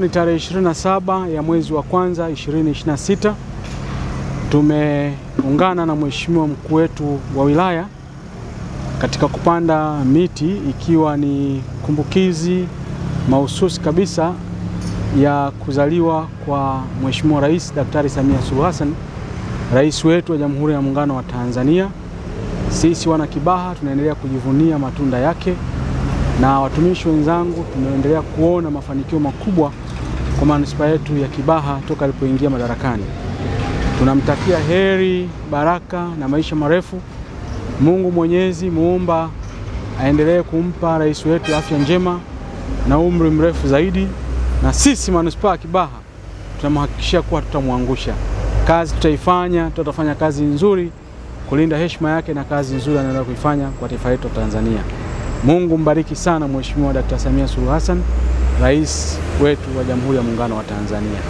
Ni tarehe 27 ya mwezi wa kwanza 2026. Tumeungana na mheshimiwa mkuu wetu wa wilaya katika kupanda miti ikiwa ni kumbukizi mahususi kabisa ya kuzaliwa kwa Mheshimiwa Rais Daktari Samia Suluhu Hassan, rais wetu wa Jamhuri ya Muungano wa Tanzania. Sisi wana Kibaha tunaendelea kujivunia matunda yake na watumishi wenzangu, tunaendelea kuona mafanikio makubwa kwa manispaa yetu ya Kibaha toka alipoingia madarakani. Tunamtakia heri, baraka na maisha marefu. Mungu Mwenyezi muumba aendelee kumpa rais wetu afya njema na umri mrefu zaidi, na sisi manispaa ya Kibaha tunamhakikishia kuwa tutamwangusha. Kazi tutaifanya, tutafanya kazi nzuri kulinda heshima yake na kazi nzuri anayoenda kuifanya kwa taifa letu Tanzania. Mungu mbariki sana Mheshimiwa Dkt. Samia Suluhu Hassan, rais wetu wa Jamhuri ya Muungano wa Tanzania.